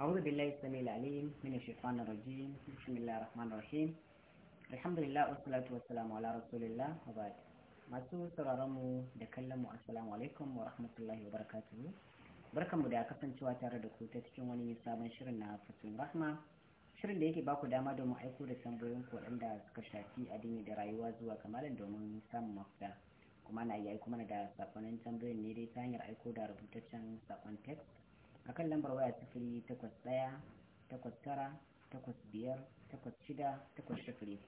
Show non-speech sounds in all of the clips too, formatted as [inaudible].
أعوذ بالله السميع العليم من الشيطان الرجيم بسم الله الرحمن الرحيم الحمد لله والصلاة والسلام على رسول الله وبعد masu sauraronmu da kallonmu assalamu alaikum wa rahmatullahi wa barakatuhu barkanmu da kasancewa tare da ku ta cikin wani sabon shirin na fasin rahma shirin da yake baku dama domin aiko da tambayoyin ku waɗanda suka shafi addini da rayuwa zuwa kamalan domin samun mafita kuma na iya aiko mana da sakonnin tambayoyin ne dai ta hanyar aiko da rubutaccen sakon text akan lambar waya sifiri takwas ɗaya takwas tara takwas biyar takwas shida takwas sifiri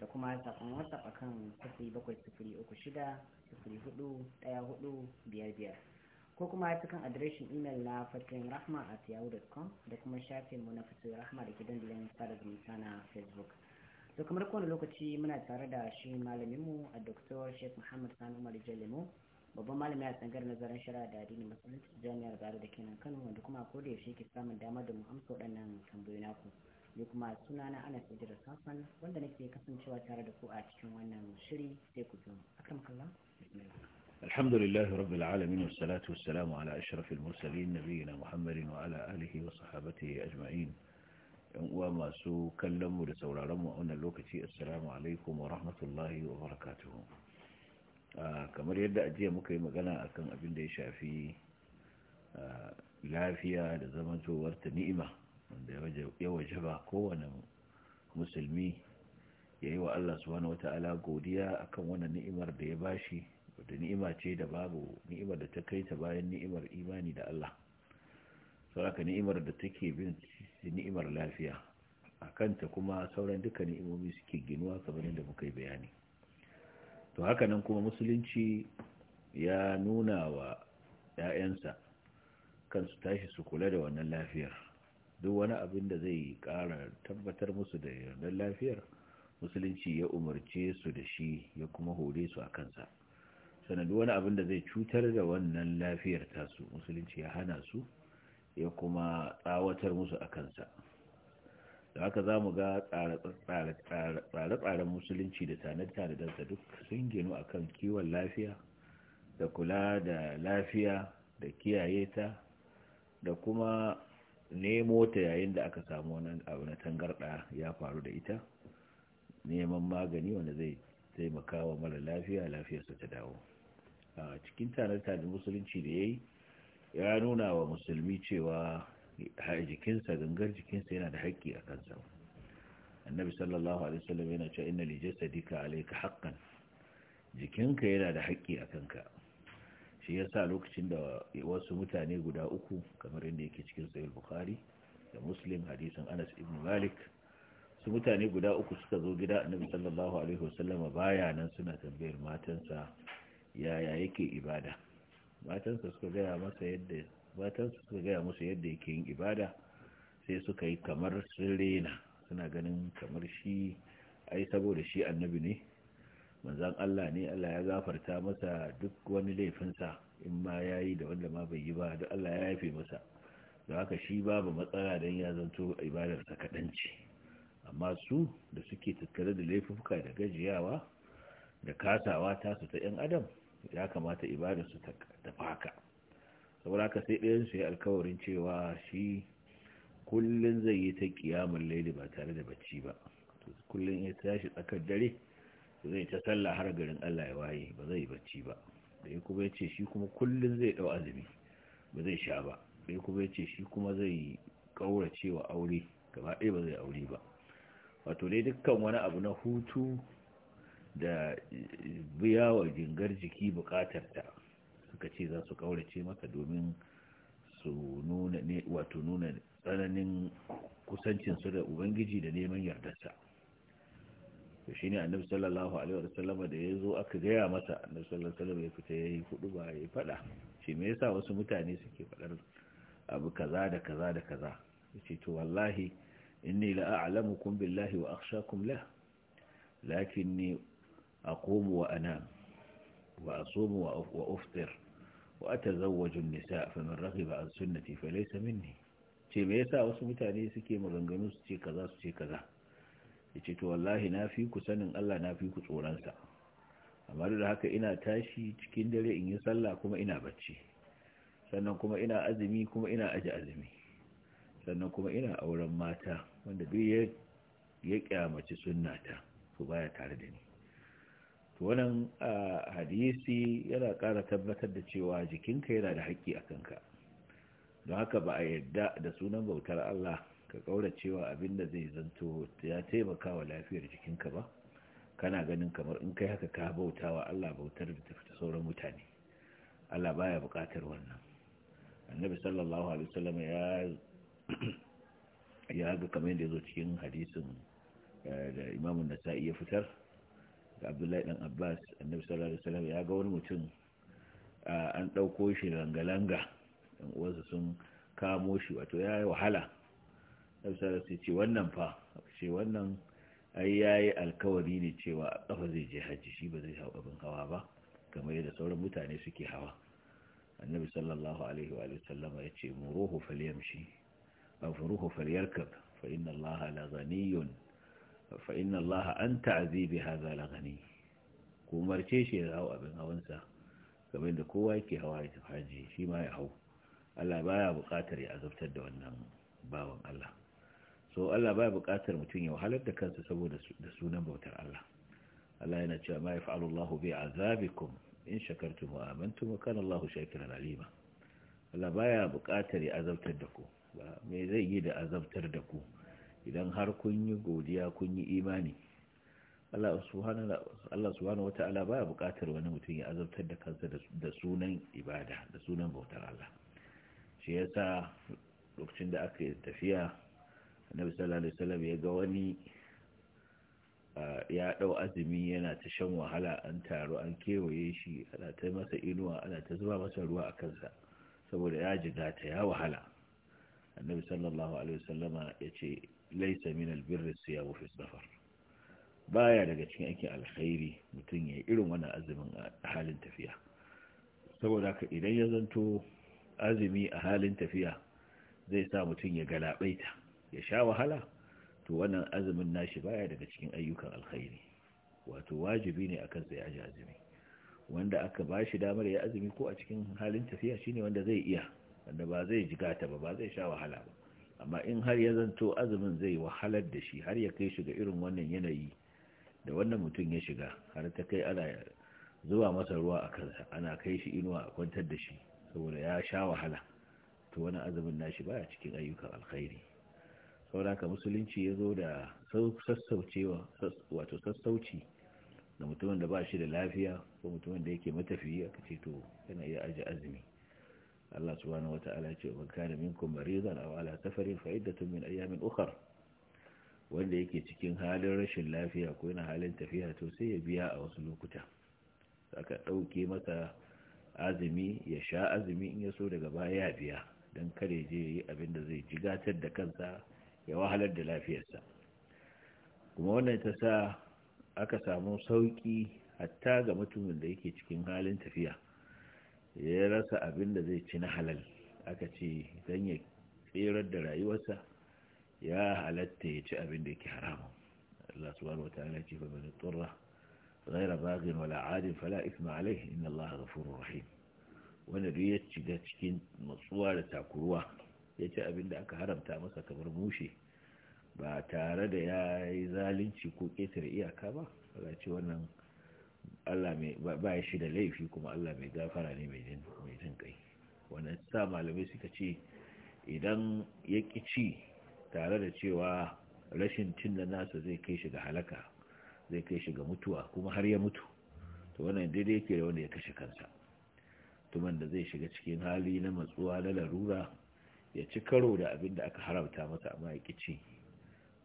da kuma saƙon a akan sifiri bakwai sifiri uku shida sifiri hudu ɗaya hudu biyar biyar ko kuma kan adireshin imel na fatin rahma a com da kuma shafin mu na fatin rahma da ke dandalin sada zumunta na facebook to kamar kowane lokaci muna tare da shi malaminmu a dr sheikh muhammad sani umar babban malami a tsangar nazarin shari'a da addinin musulunci jami'ar gari da kenan kano wanda kuma ko da yaushe ke samun damar da mu amsa waɗannan tambayoyi naku ni kuma suna na ana da safan wanda nake kasancewa tare da ku a cikin wannan shiri sai ku biyo akram kallah bismillah الحمد لله رب العالمين والصلاة والسلام على أشرف المرسلين نبينا محمد وعلى آله وصحابته أجمعين وما سو كلموا لسولارموا أن اللوكتي السلام عليكم ورحمة الله وبركاته Ah, kamar yadda a jiya muka yi magana akan abin da ya shafi ah, lafiya da zamantowar ta ni'ima wanda ya waje ba kowane musulmi ya yi wa Allah subhanahu wa ta'ala godiya akan wannan ni'imar da ya bashi wadda ni'ima ce da babu ni'imar da ta kai ta bayan ni'imar imani da Allah sauraka ni'imar da take bin ni'imar lafiya a kanta kuma sauran duka ni'imomi suke ginuwa kamar yadda muka yi bayani to haka nan kuma musulunci ya nuna wa 'ya'yansa kansu tashi su kula da wannan lafiyar duk wani abin da zai ƙara tabbatar musu da yardar lafiyar musulunci ya umarce su da shi ya kuma hore su a kansa Sanadu wani abin da zai cutar da wannan lafiyar tasu musulunci ya hana su ya kuma tsawatar musu a kansa da haka za mu ga tsare-tsaren musulunci da tanadar da duk sun ginu a kan kiwon lafiya da kula da lafiya da kiyaye ta da kuma nemo ta yayin da aka samu wani abu na tangarɗa ya faru da ita neman magani wanda zai taimaka wa mara lafiya lafiyarsa ta dawo a cikin tanadar musulunci da ya yi ya nuna wa musulmi cewa jikinsa gangar jikinsa yana da haƙƙi a kansa annabi sallallahu alaihi wasallam yana cewa inna li jasadika alayka haqqan jikinka yana da haƙƙi a kanka shi yasa lokacin da wasu mutane guda uku kamar inda yake cikin sahih bukhari da muslim hadisin anas ibn malik su mutane guda uku suka zo gida annabi sallallahu alaihi wasallam baya nan suna tambayar matansa yaya yake ibada matansa suka gaya masa yadda su suka gaya musu yadda yake yin ibada sai suka yi kamar sun suna ganin kamar shi ai saboda shi annabi ne manzan Allah ne Allah ya zafarta masa duk wani laifinsa in ma ya yi da wanda ma bai yi ba da Allah ya haife masa da haka shi babu matsala don ya zanto ibadarsa kaɗanci amma su da suke tattare da laifuka da gajiyawa da kasawa tasu ta 'yan adam ya kamata ibadarsu ta faka saboda ka sai ɗayan su ya alkawarin cewa shi kullun zai yi ta kiyamun laili ba tare da bacci ba kullun ya tashi tsakar dare zai ta sallah har garin Allah ya waye ba zai bacci ba da kuma ya shi kuma kullun zai dau azumi ba zai sha ba da kuma ya shi kuma zai kaurace cewa aure gaba ɗaya ba zai aure ba wato dai dukkan wani abu na hutu da biya wa jingar jiki bukatar ta suka ce za su kaurace maka domin su nuna ne wato nuna tsananin kusancin su da ubangiji da neman yardarsa to shi ne annabi sallallahu alaihi wasallam da ya zo aka gaya masa annabi sallallahu alaihi wasallam ya fita yayi hudu ba ya fada shi me yasa wasu mutane suke fadar abu kaza da kaza da kaza yace to wallahi inni la a'lamukum billahi wa akhshakum la lakinni aqumu wa anam wa asumu wa uftir zau wajen nisa fa man raghiba an sunnati fa laysa ne. ce me yasa wasu mutane suke maganganu su ce kaza su ce kaza yace to wallahi na fi ku sanin Allah na fi ku tsoron sa amma da haka ina tashi cikin dare in yi sallah kuma ina bacci sannan kuma ina azumi kuma ina aji azumi sannan kuma ina auren mata wanda duk ya kyamaci sunnata su baya tare da ni to wannan hadisi yana ƙara tabbatar da cewa jikinka yana da haƙƙi a kanka don haka ba a yarda da sunan bautar Allah ka ƙaura cewa abin da zai zanto ya taimaka wa lafiyar jikinka ba kana ganin kamar in kai haka ka bauta wa Allah bautar da tafi sauran mutane Allah baya buƙatar wannan annabi sallallahu alaihi wasallam ya ya ga kamar yadda ya zo cikin hadisin eh, da imamun nasa'i ya fitar abdullahi dan abbas annabi sallallahu alaihi wasallam ya ga wani mutum an ɗauko shi langa-langa ɗan uwansa sun kamo shi wato ya yi wahala wasallam ya ce wannan fa ce wannan ai ya yi alkawari ne cewa a ƙafa zai je hajji shi ba zai hau abin hawa ba kamar yadda sauran mutane suke hawa annabi sallallahu alaihi wa sallama ya ce muruhu falyamshi ba falyarkab fa inna allaha la ghaniyun fa inna an ta'zibi bi la gani ku marce shi ya hau abin hawansa kamar da kowa yake hawa ya haji shi ma ya hau Allah baya buƙatar ya azabtar da wannan bawan Allah so Allah baya buƙatar mutum ya wahalar da kansa saboda da sunan bautar Allah Allah yana cewa ma yaf'alu bai bi azabikum in shakartum wa amantum wa kana Allahu shakiran alima Allah baya buƙatar ya azabtar da ku me zai yi da azabtar da ku idan har kun yi godiya kun yi imani Allah subhanahu ba baya buƙatar wani mutum ya azabtar da kansa da sunan ibada da sunan bautar Allah shi yasa lokacin da aka tafiya annabi sallallahu alaihi wasallam ya ga wani ya dau azumi yana ta shan wahala an taru an kewaye shi ana ta masa inuwa ana ta zuba masa ruwa a kansa saboda ya jigata, ya wahala annabi sallallahu alaihi wasallama ya ce laisa min albirri ya fi safar baya daga cikin aikin alkhairi mutum ya irin wannan azumin a halin tafiya saboda haka idan ya zanto azumi a halin tafiya zai sa mutum ya galabaita ya sha wahala to wannan azumin nashi baya daga cikin ayyukan alkhairi wato wajibi ne akan sai ji azumi wanda aka ba shi damar ya azumi ko a cikin halin tafiya shine wanda zai iya wanda ba zai jigata ba ba zai sha wahala ba amma in har ya zanto azumin zai wahalar da shi har ya kai shiga irin wannan yanayi da wannan mutum ya shiga har ta kai ana zuwa masa ruwa a kansa ana kai shi inuwa a kwantar da shi saboda ya sha wahala to wani azumin nashi ba a cikin ayyukan alkhairi saboda musulunci ya zo da sassaucewa wato sassauci da mutumin da ba shi da lafiya ko mutumin da yake matafiya ka ce to yana iya aji azumi Allah subhanahu wata'ala ya ce wa kana minkum maridan aw ala safarin fa iddatun min ayyamin ukhra wanda yake cikin halin rashin lafiya ko yana halin tafiya to sai ya biya a wasu lokuta aka dauke masa azumi ya sha azumi in ya so daga baya ya biya dan kare je yi abin da zai jigatar da kansa ya wahalar da lafiyarsa kuma wannan ta sa aka samu sauƙi hatta ga mutumin da yake cikin halin tafiya ya rasa abin da zai ci na halal aka ce don ya tserar da rayuwarsa ya halatta ya ci abin da yake haramun Allah subhanahu ala ce fa man turra ghayra baghin wala adin fala ithma alai inna Allah ghafurur rahim wanda duk ya ga cikin matsuwa da takuruwa ya ci abin da aka haramta masa kamar mushe ba tare da ya yi zalunci ko ƙetare iyaka ba ba ce wannan Allah mai ba ya shi da laifi kuma Allah mai gafara ne mai jin kai wanda sa malamai suka ce idan ya ci tare da cewa rashin cin da nasa zai kai shi ga halaka zai kai shi ga mutuwa kuma har ya mutu to wannan daidai yake da wanda ya kashe kansa tuman da zai shiga cikin hali na matsuwa na larura ya ci karo da abin da aka haramta masa amma ya ci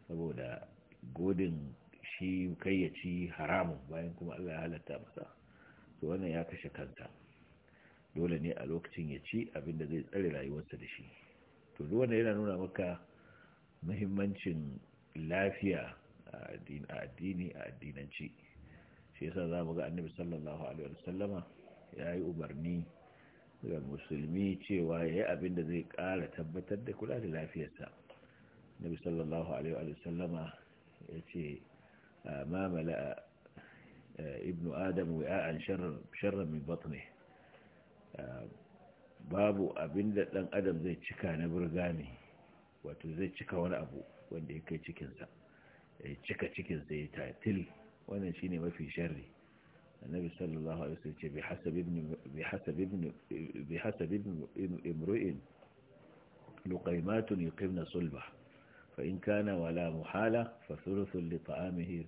saboda godin shi kai ya ci haramun bayan kuma Allah ya halatta masa to wannan ya kashe kanta dole ne a lokacin ya ci abinda zai tsare rayuwarsa da shi to duk wanda yana nuna maka muhimmancin lafiya a addini a addinanci shi yasa za mu ga annabi sallallahu alaihi wa sallama ya yi umarni ga musulmi cewa ya yi abin da zai ƙara tabbatar da kula da lafiyarsa nabi sallallahu alaihi wa sallama ya ce ما ملأ ابن آدم وعاء شرا شر من بطنه babu abin da ɗan adam zai cika na burgami wato zai cika wani abu wanda ya kai cikinsa ya cika cikinsa ya til wannan shine mafi sharri annabi sallallahu alaihi wasallam ce bi hasab ibn bi hasab ibn imru'in luqaymatun yuqimna sulbah فإن كان ولا محالة فثلث لطعامه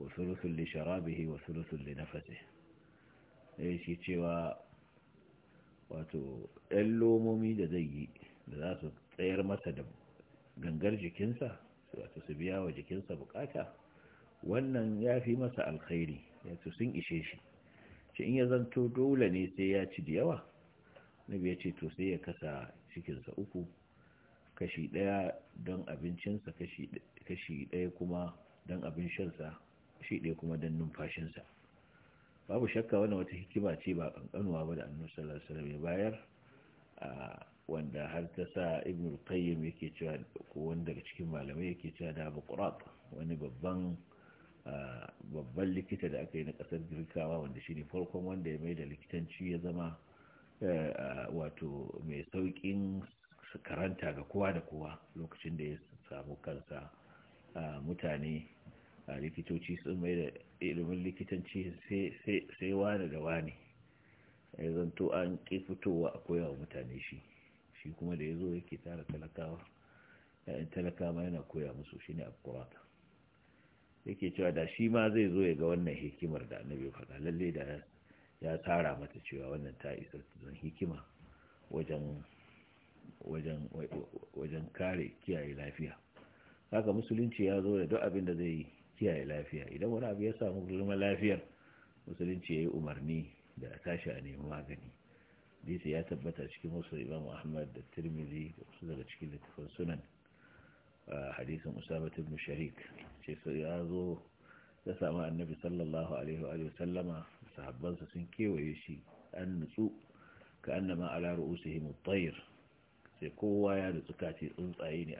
وثلث لشرابه وثلث لنفسه shi cewa wato ɗan lomomi da zai yi da za su tsayar masa da gangar jikinsa wato su biya wa jikinsa bukata wannan ya fi masa alkhairi yato sun ishe shi shi in ya zanto dole ne sai ya ci da yawa nabi ya ce to sai ya kasa cikinsa uku kashi ɗaya don abincinsa kashi ɗaya kuma don abin shansa kashi ɗaya kuma don numfashinsa babu shakka wani wata hikima ce ba kankanuwa ba da annun salasar mai bayar wanda har ta sa ibn al-qayyim yake cewa ko wani daga cikin malamai yake cewa da abu wani babban babban likita da aka yi na kasar girkawa wanda shi ne farkon wanda ya mai da likitanci ya zama eh, wato mai saukin su karanta ga kowa da kowa lokacin da ya samu kansa mutane a likitoci sun mai da ilimin likitanci sai wani da wani ya zanto an ƙi fitowa a koyawa mutane shi shi kuma da ya zo yake tara talakawa ‘ya'yan talakawa yana koya musu shi ne abkurata yake cewa da shi ma zai zo ya ga wannan hikimar da annabi faɗa lalle da ya tara mata cewa wannan ta isa zan hikima wajen wajen kare kiyaye lafiya haka musulunci ya zo da duk abin da zai kiyaye lafiya idan wani abu ya samu girma lafiyar musulunci ya yi umarni da tashi a nemi magani hadisi ya tabbata cikin wasu imam ahmad da tirmidhi da wasu daga cikin littafin sunan hadisin usama ibn sharik ce so ya zo ya samu annabi sallallahu alaihi wa sallama sahabbansa sun kewaye shi an nutsu ka annama ala ru'usihim at-tayr sai kowa ya rutsu kace tsuntsaye ne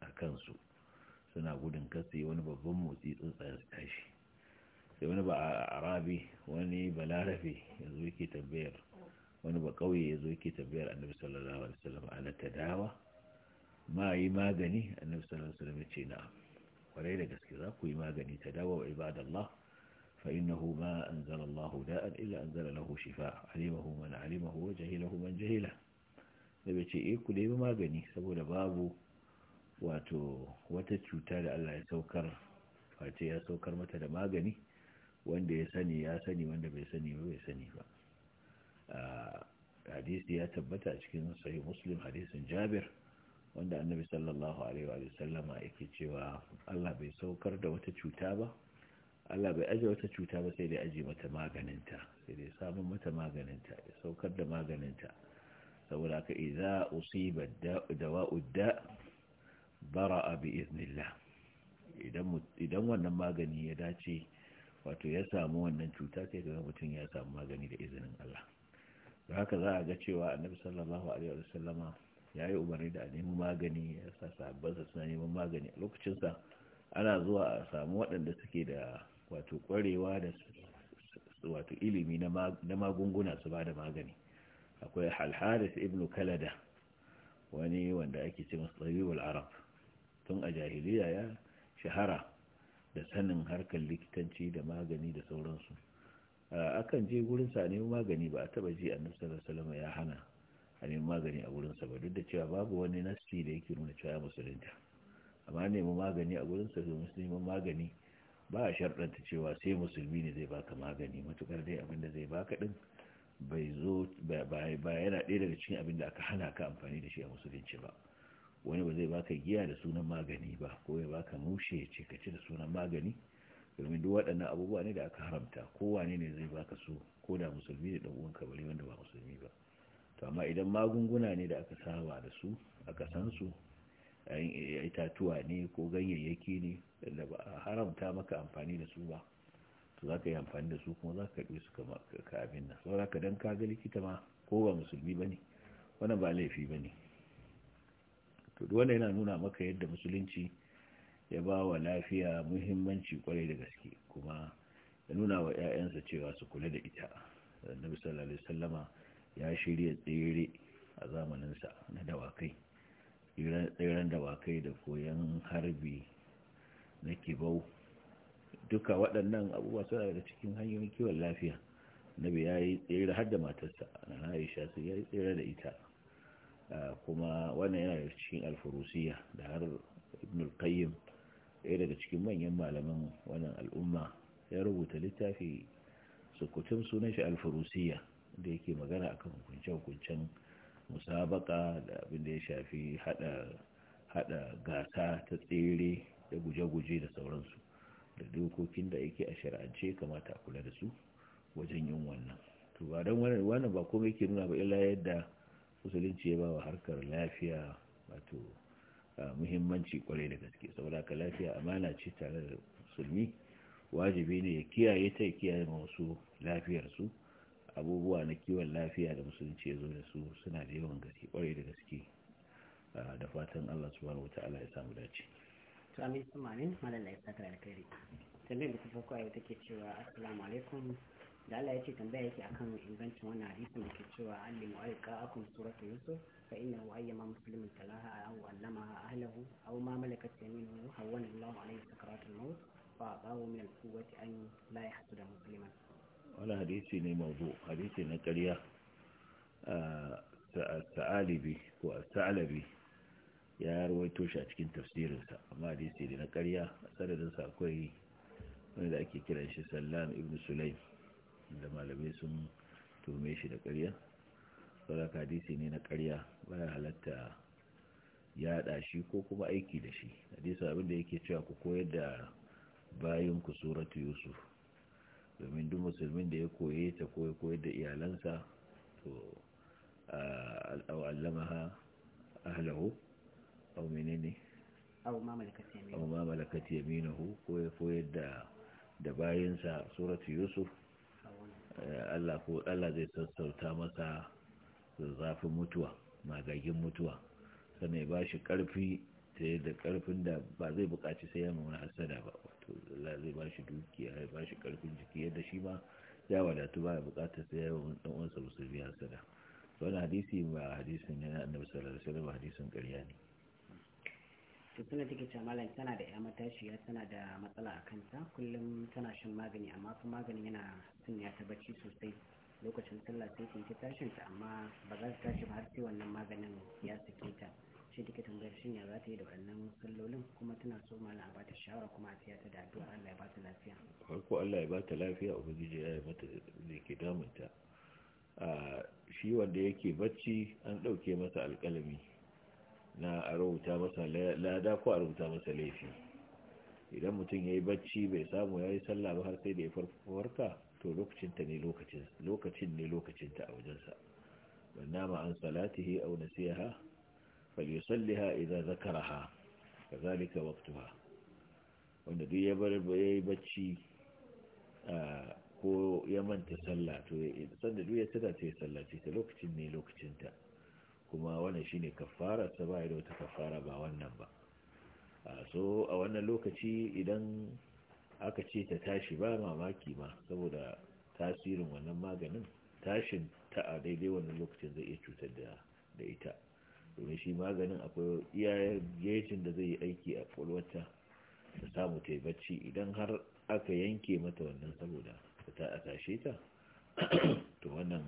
a kansu suna gudun kasi wani babban motsi tsuntsayen su tashi sai wani ba a arabi wani balarabe ya zo yake tambayar wani ba kauye ya zo yake tambayar annabi sallallahu alaihi wasallam ana dawa ma yi magani annabi sallallahu alaihi wasallam ya ce na'am kwarai da gaske za ku yi magani ta dawa wa ibadallah فإنه ما أنزل الله داء إلا أنزل له شفاء علمه من علمه وجهله من جهله sai ce eh ku nemi magani saboda babu wato wata cuta da Allah ya saukar face ya saukar mata da magani wanda ya sani ya sani wanda bai sani ba bai sani ba hadisi ya tabbata a cikin sahih muslim hadisin jabir wanda annabi sallallahu alaihi wa sallama yake cewa Allah bai saukar da wata cuta ba Allah bai aje wata cuta ba sai dai aje mata maganinta sai dai samun mata maganinta ya saukar da maganinta saboda ka iza usiba dawa'ud da bara bi iznillah idan wannan magani ya dace wato ya samu wannan cuta sai ga mutum ya samu magani da izinin Allah don haka za a ga cewa annabi sallallahu alaihi wasallama ya yi umarni da a nemi magani ya sa sahabbansa suna neman magani a lokacinsa ana zuwa a samu waɗanda suke da wato kwarewa da wato ilimi na magunguna su ba da magani akwai halharis ibnu ibn kalada wani wanda ake ce masa arab tun a jahiliya ya shahara da sanin harkar likitanci da magani da sauransu akan je gurin sa ne magani ba a taba ji annabi sallallahu ya hana a neman magani a gurinsa ba duk da cewa babu wani nasi da yake nuna cewa musulunta amma neman magani a gurinsa domin neman magani ba a sharɗanta cewa sai musulmi ne zai baka magani matukar dai abinda zai baka ɗin bai zo ba yana ɗaya daga cikin abin da aka hana ka amfani da shi a musulunci ba wani ba zai baka giya da sunan magani ba ko ya baka mushe ce ka ci da sunan magani domin duk waɗannan abubuwa ne da aka haramta ko wane ne zai baka su ko da musulmi ne ɗan ka kabari wanda ba musulmi ba to amma idan magunguna ne da aka saba da su aka san su itatuwa ne ko ganyayyaki ne da ba a haramta maka amfani da su ba za ka yi amfani da su kuma za ka karɓi su ka abin nan saboda ka dan ka ga likita ma ko ba musulmi ba ne wannan ba laifi ba ne wanda yana nuna maka yadda musulunci ya ba wa lafiya muhimmanci kwarai da gaske kuma ya nuna wa 'ya'yansa cewa su kula da ita annabi sallallahu alaihi wasallama ya shirya tsere a zamaninsa na dawakai tseren dawakai da koyon harbi na kibau duka waɗannan abubuwa suna da cikin hanyoyin kiwon lafiya nabi ya yi tsere har da matarsa na aisha sun yi tsere da ita ah, kuma wannan yana da cikin alfurusiya da har ibn al-qayyim ɗaya daga cikin manyan malaman wannan al'umma ya rubuta littafi sukutun sunan shi alfurusiya da yake magana a kan hukunce-hukuncen musabaka da abin da ya shafi hada gasa ta tsere da guje-guje da sauransu da dokokin da yake a shari'ance kamata a kula da su wajen yin wannan to ba don wannan ba komai ke nuna ba illa yadda musulunci ya bawa harkar lafiya wato muhimmanci kwarai da gaske saboda ka lafiya amana ce tare da musulmi wajibi ne ya kiyaye ta ya kiyaye wasu lafiyarsu abubuwa na kiwon lafiya da musulunci ya zo da su suna da yawan gaske kwarai da gaske da fatan allah subhanahu wa ta'ala ya samu dace to amin kuma amin malalla ya saka alkhairi tambayar da ta farko a yau take cewa assalamu alaikum da Allah ya ce tambaya yake akan ingancin wannan hadisin da ke cewa allin allimu alqa akum suratu yusuf fa innahu ayyama muslimin talaha aw allamaha ahlahu aw ma malakat yaminuhu hawwana Allah alayhi sakaratul maut fa atahu min al-quwwati an la yahsuda musliman wannan hadisi ne mawdu hadisi na ƙarya ah, a sa'alibi ko a ya rawaito shi a cikin tafsirin sa amma hadisi da na ƙarya a sanadinsa akwai wani ake kiran shi sallam ibn sulaim da malamai sun tume shi da ƙarya sauraka hadisi ne na ƙarya baya halatta yaɗa shi ko kuma aiki da shi hadisi abinda yake cewa ku koyar da bayan ku suratu yusuf domin duk musulmin da ya koye ta koyar koyar da iyalansa to allamaha ahlahu au menene au ma malakat yaminuhu ko koyar da da bayansa suratu yusuf eh, Allah ko Allah zai sassauta masa zafin mutuwa magagin mutuwa sannan ya ba shi karfi sai da karfin da ba zai bukaci sai ya mamuna hasada ba wato Allah zai ba shi dukiya ya ba shi karfin jiki yadda shi ma ya wadatu ba ya bukatar sai ya mamuna dan musulmi hasada wani hadisi ba hadisin yana annabi sallallahu alaihi wasallam hadisin ƙarya ne to suna take ce malam tana da ya matashiya tana da matsala a kanta kullum tana shan magani amma kuma maganin yana sun ya ta bacci sosai lokacin sallah sai ta tashin ta amma ba za ta tashi ba har sai wannan maganin ya sake ta shi take tambayar shin ya za ta yi da wannan sallolin kuma tana so malam a bata shawara kuma a tiya ta da addu'a Allah ya bata lafiya farko Allah ya bata lafiya ubangiji ya yi mata da ke damunta ah, shi wanda yake bacci an ɗauke masa alƙalami na a rubuta masa lada ko a rubuta masa laifi idan mutum ya yi bacci bai samu ya yi sallah ba har sai da ya farka to lokacinta ne lokacin ne lokacinta a wajensa wanda ma an salatihi au nasiha falyusalliha idza zakaraha kazalika waqtuha wanda duk ya bar yi bacci ko ya manta sallah to sanda duk ya tada ta yi sallah ce lokacin ne lokacinta kuma wannan shine kafara ta ba ido wata kafara ba wannan ba so a wannan lokaci idan aka ce ta tashi ba mamaki ma saboda tasirin wannan maganin tashin ta a daidai wannan lokacin zai iya cutar da ita domin shi maganin akwai iya gejin da zai yi aiki a kwalwata ta samu ta bacci idan har aka yanke mata wannan saboda ta a tashe ta to wannan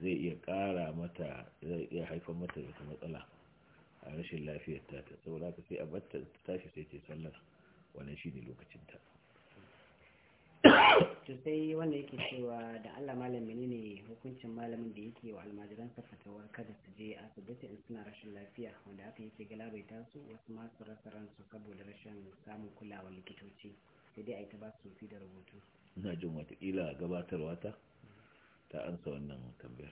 zai iya ƙara mata zai iya haifar mata da matsala a rashin lafiyar ta ta saboda ka sai a batta ta tashi sai ce sallar wannan shi ne lokacin ta to sai wanda yake cewa da Allah malami ne ne hukuncin malamin da yake wa almajiran sa kada su je asibiti in suna rashin lafiya wanda aka yake ta su wasu ma su rasa ransu saboda rashin samun kulawa likitoci sai dai a yi ta ba su fi da rubutu ina jin watakila gabatarwa ta ta ansa wannan tambayar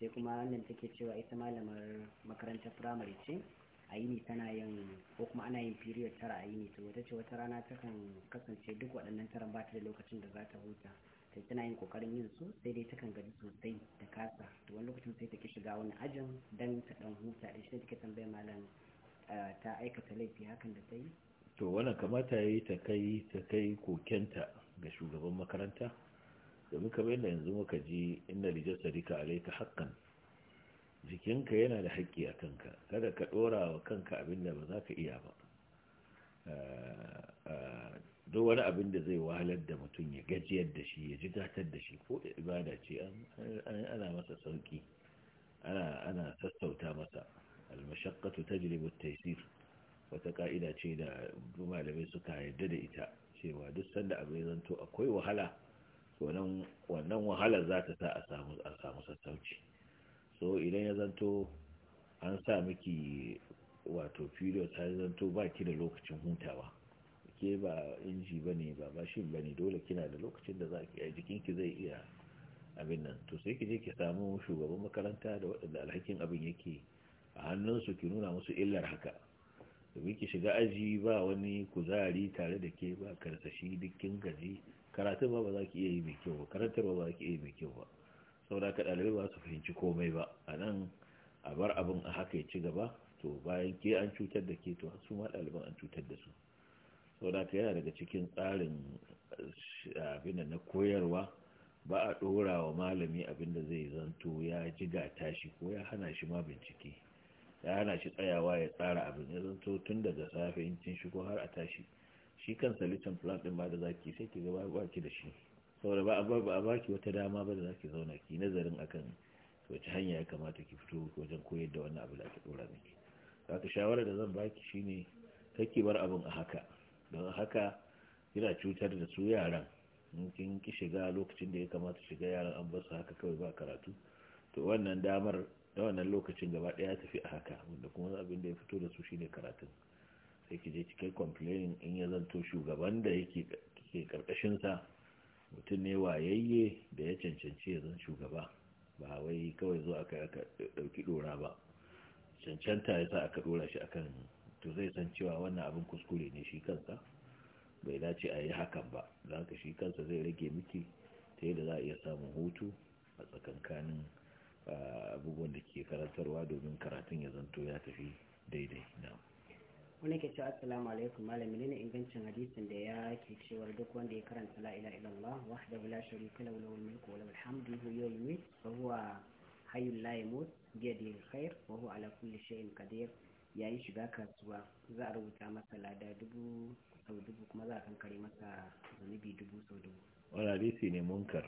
sai kuma wannan take cewa ita malamar makarantar firamare ce a yini tana yin ko kuma ana yin period tara a yini to wata ce wata rana takan kasance duk waɗannan taran ba ta da lokacin da za ta huta sai tana yin kokarin yin su sai dai takan gaji sosai da kasa to wani lokacin sai ta ki shiga wani ajin dan ta dan huta da shi take tambayar malam eh, ta aikata laifi hakan da ta yi to wannan kamata ya yi ta kai ta kai kokenta ga shugaban makaranta domin kamar yadda yanzu muka ji inna lijar jasadika alayka haqqan jikinka yana da haƙƙi a kanka kada ka ɗora wa kanka abin da ba za ka iya ba eh, eh, duk wani abin da zai wahalar da mutum ya gajiyar da shi ya ji datar da shi ko ibada ce ana masa sauki ana sassauta masa almashakkatu ta at taisir wata ka'ida ce da malamai suka yarda da ita cewa duk sanda abin zanto akwai wahala wannan wahalar za ta sa a samu sassauci so idan ya zanto an sa miki wato period ta zanto ba ki da lokacin hutawa ke ba inji ba ne ba mashin ba ne dole kina da lokacin da za ki a jikinki zai iya abin nan to sai ki je ki samu shugaban makaranta da waɗanda alhakin abin yake a hannunsu ki nuna musu illar haka domin ki shiga aji ba wani kuzari tare da ke ba karsashi dukkin gaji karatun ba ba za ki iya yi mai kyau ba karatun ba za ki iya yi mai kyau ba saboda ka ɗalibai ba su fahimci komai ba a nan a bar abin a haka ya ci gaba to bayan ke an cutar da ke to su ma ɗaliban an cutar da su saboda ka yana daga cikin tsarin eh, abin na koyarwa ba a ɗora wa malami abin da zai zanto ya ji ga tashi ko ya hana shi ma bincike ya hana shi tsayawa ya tsara abin ya zanto tun daga safe in cin shigo har a tashi shi kan litin plan ba da zaki sai ki zaba ba ki da shi saboda ba a baki wata dama ba da zaki zauna ki nazarin akan wace hanya ya kamata ki fito wajen koyar da wannan abu da ake dora miki haka shawara da zan baki shine kake bar abun a haka don haka kina cutar da su yaran in kin ki shiga lokacin da ya kamata shiga yaran an basu haka kawai ba karatu to wannan damar da wannan lokacin gaba daya tafi a haka wanda kuma abin da ya fito da su shine karatu? sai ki je ki kai in ya zanto shugaban da yake ke karkashin sa mutum ne wayayye da ya cancanci ya zan shugaba ba wai kawai zo aka aka dauki dora ba cancanta ya sa aka dora shi akan to zai san cewa wannan abin kuskure ne shi kansa bai dace a yi hakan ba don haka shi kansa zai rage miki ta yadda za a iya samun hutu a tsakankanin ah, abubuwan da ke karantarwa domin karatun ya zanto ya tafi daidai na wani ke cewa assalamu alaikum malam menene ingancin hadisin da ya ke cewa duk wanda ya karanta la ilaha illallah wahdahu la sharika lahu lahul mulku wa lahul hamdu huwa yumiit wa huwa hayyul la yamut bi yadihi wa huwa ala kulli shay'in qadir yayin shiga kasuwa za a rubuta masa lada dubu sau dubu kuma za a kankare masa zunubi dubu sau dubu wani hadisi ne munkar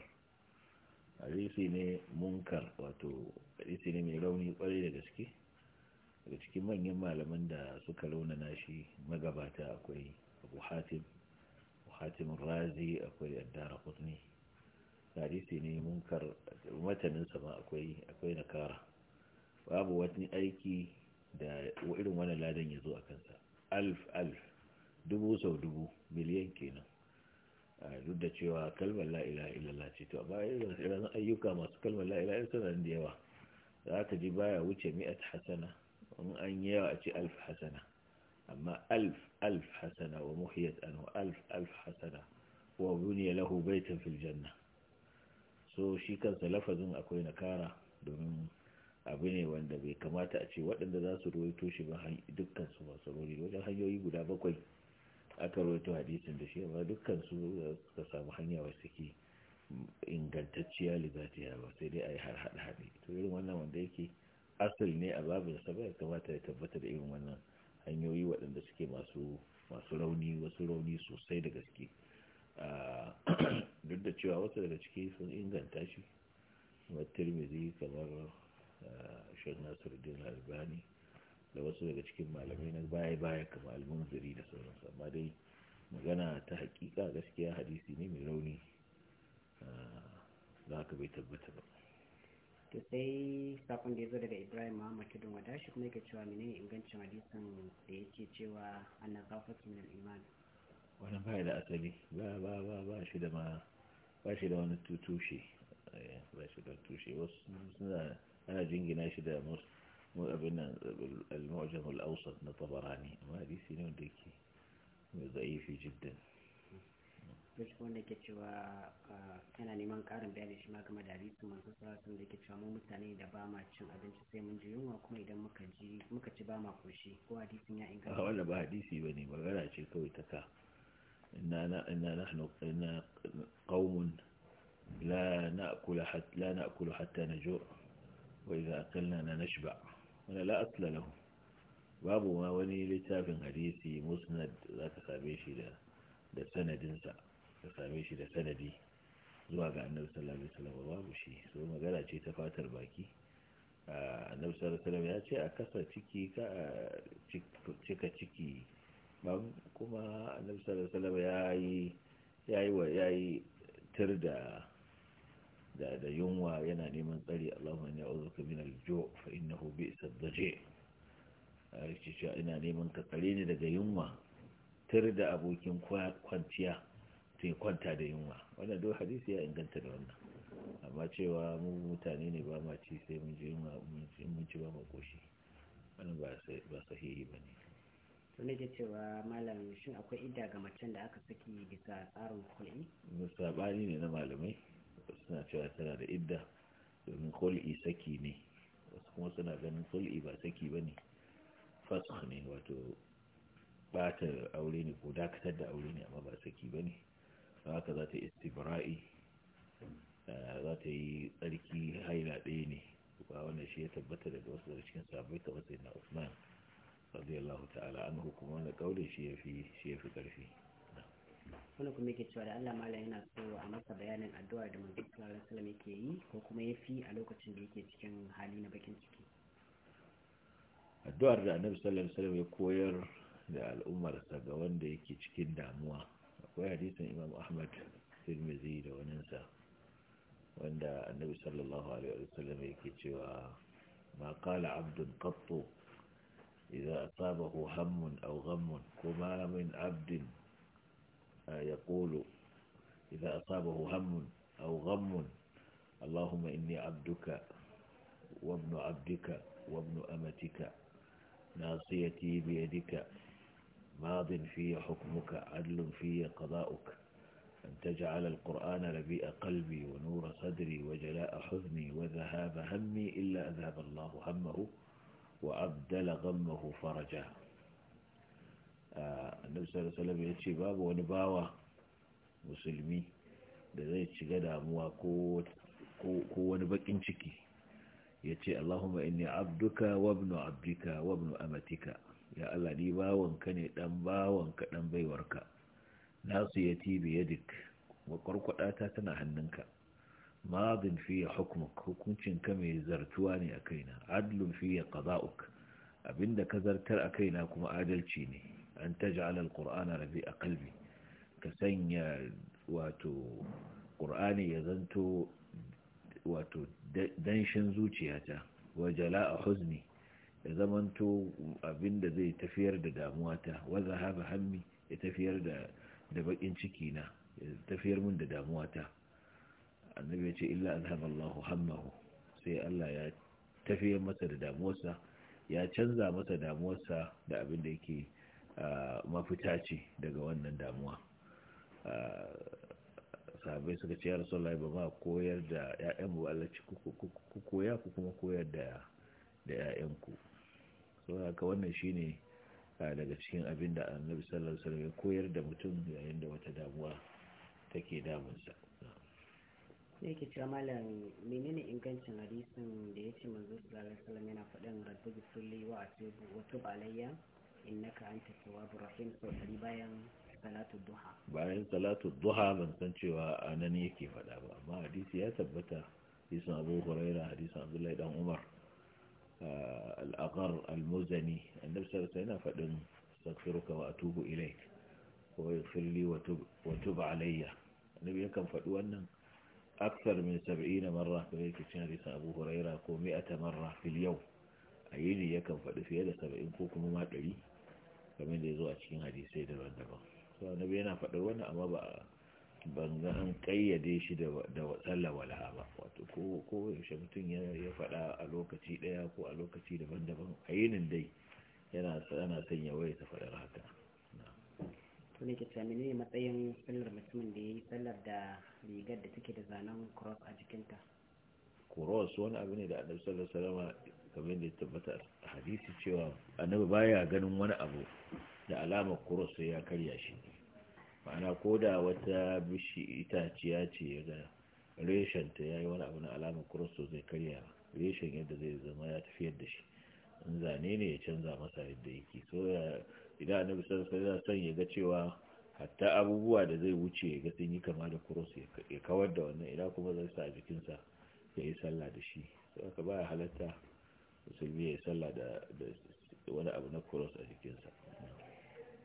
hadisi ne munkar wato hadisi ne mai rauni kwarai da gaske daga cikin manyan malaman da suka launana shi magabata akwai abu hatim hatim razi akwai addara kutni hadisi ne munkar mataninsa ma akwai akwai nakara babu wani aiki da irin wani ladan ya zo a kansa alf alf dubu sau dubu miliyan kenan duk da cewa kalmar la'ila illallah ce to a bayan irin ayyuka masu kalmar la'ila illallah suna da yawa za ka ji baya wuce mi'at hasana in an yi yawa a ce alf hasana amma alf alf hasana wa muhiyat anhu alf alf hasana wa buniya lahu baitan fil janna so shi kansa lafazin akwai nakara domin abu ne wanda bai kamata a ce waɗanda za su ruwaito shi ba dukkan su masu wajen hanyoyi guda bakwai aka ruwaito hadisin da shi amma dukkan su ka samu hanya wa ingantacciya lizatiya ba sai dai a yi har haɗe-haɗe to irin wannan wanda yake asali ne a babin sa ya kamata ya tabbata da irin wannan hanyoyi waɗanda suke masu rauni wasu rauni sosai da gaske [clears throat] duk da cewa wasu daga ciki sun inganta shi kamar tirmidhi kamar shek albani da wasu daga cikin malamai na baya-baya kamar almanziri da sauransu amma dai magana ta hakika gaskiya hadisi ne mai rauni za ka bai tabbata ba to sai sakon da ya zo daga ibrahim muhammad don wada shi kuma yake cewa menene ingancin hadisin da yake cewa annan zafatu sunan iman wani ba da asali ba ba ba ba shi da ma ba shi da wani tutushe eh, ba shi da tushe wasu suna ana jingina shi da mu abin nan al-mu'jam al-awsat na tabarani amma hadisi ne wanda yake mai za'ifi jiddan facebook wanda ke cewa ah, yana neman karin bayani shi ma game da hadisin manzon sallallahu da ke cewa mu mutane da ba ma cin abinci sai mun ji yunwa kuma idan muka ji muka ci ba ma koshi ko hadisin ya inganta ah, wanda ba hadisi bane magana ce kawai ta ka inna inna nahnu inna qaumun la na'kulu hatta la na'kulu hatta najur wa idha akalna nashba wala la asla lahu babu ma wani littafin hadisi musnad zaka same shi da da sanadinsa ka same shi da sanadi zuwa ga annabi sallallahu alaihi wasallam babu shi so magana ce ta fatar baki annabi sallallahu alaihi wasallam ya ce a kasa ciki ka cika ciki ba kuma annabi sallallahu alaihi wasallam ya yi yayi wa yayi tir da da da yunwa yana neman tsari Allahumma inni a'udhuka min al-ju' fa innahu bi'sa ad-daji' ina neman ka tsare ni daga yunwa tir da abokin kwanciya sai kwanta da yunwa wannan duk hadisi ya inganta da wannan amma cewa mu mutane ne ba ma ci sai mun ji yunwa mun ci ba mu koshi wannan ba sahihi ba ne ke cewa malam shin akwai idda ga macen da aka saki bisa tsarin kul'i sabani ne na malamai suna cewa tana da idda domin kul'i saki ne wasu kuma suna ganin kul'i ba saki ba ne fasakh ne wato bata aure ne ko dakatar da aure ne amma ba saki ba ne haka za ta yi istibra'i eh, za ta yi tsarki haila ɗaya ne ba wanda shi ya tabbata daga wasu daga cikin sabai kamar sai na usman radiyallahu ta'ala an hukuma da kaulin shi ya fi shi ya fi ƙarfi wani kuma yake cewa da Allah mala yana so a masa bayanin addu'ar da manzo sallallahu alaihi salam yake yi ko kuma ya fi a lokacin da yake cikin hali na bakin ciki addu'ar da annabi sallallahu alaihi wasallam ya koyar da al'ummarsa ga wanda yake cikin damuwa وحديث الإمام أحمد في المزيد وننسى وعند النبي صلى الله عليه وسلم يكتوى ما قال عبد قط إذا أصابه هم أو غم كما من عبد يقول إذا أصابه هم أو غم اللهم إني عبدك وابن عبدك وابن أمتك ناصيتي بيدك ماض في حكمك عدل في قضاؤك أن تجعل القرآن لبيء قلبي ونور صدري وجلاء حزني وذهاب همي إلا أذهب الله همه وأبدل غمه فرجا آه، النبي صلى الله عليه وسلم يتشي باب ونباوة مسلمي لذلك zai shiga damuwa ko wani bakin ciki ya ce Allahumma عبدك وابن wabnu abdika ya Allah ni bawanka ne dan bawanka dan baiwarka nasu yati bi yadik wa ta tana hannunka madin fiye hukuncin ka mai zartuwa ne a kaina adlun fiye qada'uk abinda ka zartar a kaina kuma adalci ne an taj'al alqur'ana rabi'a qalbi ka sanya wato qur'ani ya zanto wato danshin zuciyata wa jala'a huzni ya zamanto abin da zai tafiyar da damuwata wadda haɓa hammi ya tafiyar da baƙin ciki na ya tafiyar min da damuwata annabi ya ce illa azhaba Allahu sai Allah ya tafiyar masa da damuwarsa ya canza masa damuwarsa da abin da yake mafita ce daga wannan damuwa sahabai suka ce ya rasulullahi ba ma koyar da 'ya'yan Allah ci ku koya ku kuma koyar da 'ya'yanku don haka wannan shine daga cikin abin da annabi sallallahu alaihi koyar da mutum yayin da wata damuwa take damunsa sai ke cewa malam menene ingancin hadisin da ya ce manzo sallallahu alaihi yana faɗin rabbi gifirli wa atubu wa tub alayya innaka anta tawwabur rahim sau dari bayan salatu duha bayan salatu duha ban san cewa anan yake faɗa ba amma hadisi ya tabbata hadisin abu huraira hadisin abdullahi dan umar al’agar almuzani annab sarasa yana faɗin sassuruka wa atubu ilaik ko yin firli wato ba alayya annab yankan faɗi wannan aksar min sab'i na marra ko ya ke cin harisa abu huraira ko mi'ata marra fil yau a yi ne yakan faɗi fiye da saba'in ko kuma ma ɗari kamar da ya zo a cikin hadisai daban-daban yana faɗar wannan amma ban ga an kayyade shi da sallar wala ba wato ko yaushe mutum ya faɗa a lokaci ɗaya ko a lokaci daban-daban a yinin dai yana sana son ya waye ta faɗar haka to ne ke ne matsayin sallar mutumin da ya yi sallar da rigar da take da zanen cross a jikinta cross wani abu ne da annabi alaihi salama kamar da ya tabbata hadisi cewa annabi baya ganin wani abu da alamar cross sai ya karya shi ma'ana ko da wata bishi itaciya ce da reshenta ya yi wani abu na alamar kurosto zai karya reshen yadda zai zama ya tafi yadda shi in zane ne ya canza masa yadda yake so idan annabi sallallahu alaihi son ya ga cewa hatta abubuwa da zai wuce ya ga sun yi kama da kuros ya kawar da wannan idan kuma zai sa jikinsa ya yi sallah da shi sai aka ya halatta musulmi ya yi sallah da wani abu na kuros a jikinsa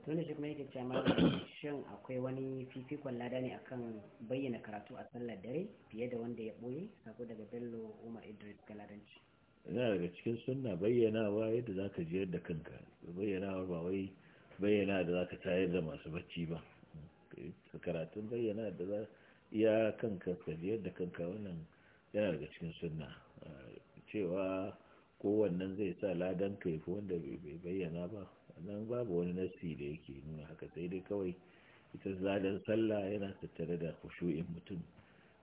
tunda shi kuma yake cewa malam shin akwai wani fifikon lada ne akan bayyana karatu a sallar dare fiye da wanda ya boye sako daga bello umar idris galadanci yana daga cikin sunna bayyanawa yadda za ka jiyar da kanka bayyanawa ba wai bayyana da za ka tayar da masu bacci ba karatun bayyana da za iya kanka ka jiyar da kanka wannan yana daga cikin sunna cewa wannan zai sa ladan ka yafi wanda bai bayyana ba nan babu wani nasi da yake nuna haka sai dai kawai ita zadan sallah yana tattare da kushu'in mutum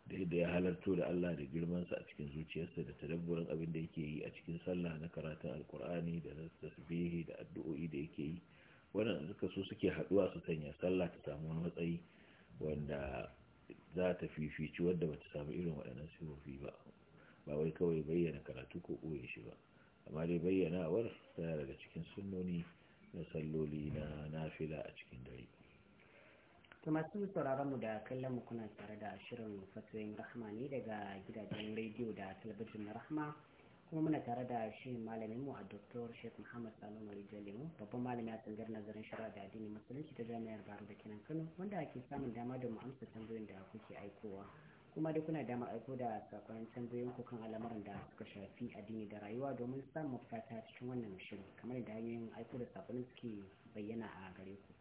da yadda ya halarto da Allah da girmansa a cikin zuciyarsa da tadabburan abin da yake yi a cikin sallah na karatun alkur'ani da na tasbihi da addu'o'i da yake yi wannan suka so suke haduwa su sanya sallah ta samu wani matsayi wanda za ta fifici wadda bata samu irin waɗannan sifofi ba ba wai kawai bayyana karatu ko koyi shi ba amma dai bayyanawar tana daga cikin sunnoni da salloli na nafila a cikin dare to masu sauraron mu da kallon mu kuna tare da shirin fatoyin rahama ne daga gidajen rediyo da talabijin na rahma kuma muna tare da shi malamin mu a doktor sheikh muhammad salo marijan lemu babban malami a tsangar nazarin shara da adini musulunci ta jami'ar baro da kenan kano wanda ake samun dama da mu amsa tambayoyin da kuke aikowa kuma duk kuna damar aiko da sakon tambayoyin ku kan al'amuran da suka shafi addini da rayuwa domin samun fata cikin wannan shirin kamar da hanyoyin aiko da sakonin suke bayyana a gare ku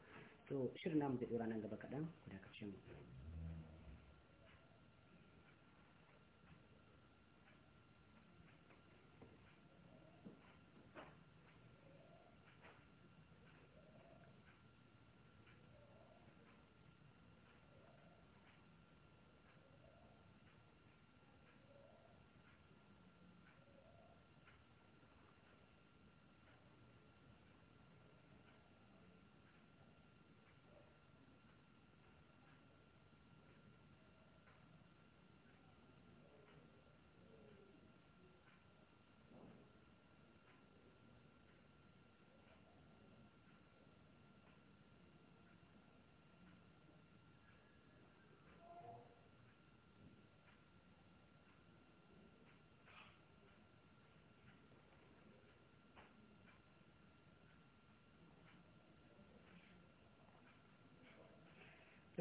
to shirin namu zai dora nan gaba kaɗan ku dakace mu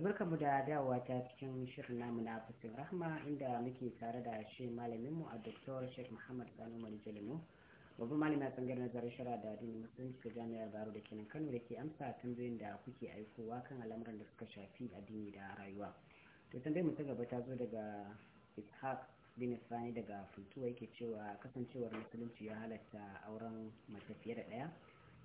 barka mu da dawowa ta cikin shirin namu na fasin rahma inda muke tare da shi malaminmu a doktor sheikh muhammad sanu malijalimu babban malami a tsangar nazarin shara da adini musulunci ta jami'ar baro da kenan kano da ke amsa tambayoyin da kuke aikowa kan al'amuran da suka shafi addini da rayuwa to tambayar mu ta gaba ta zo daga ishaq bin sani daga funtuwa yake cewa kasancewar musulunci ya halatta auren mace fiye da ɗaya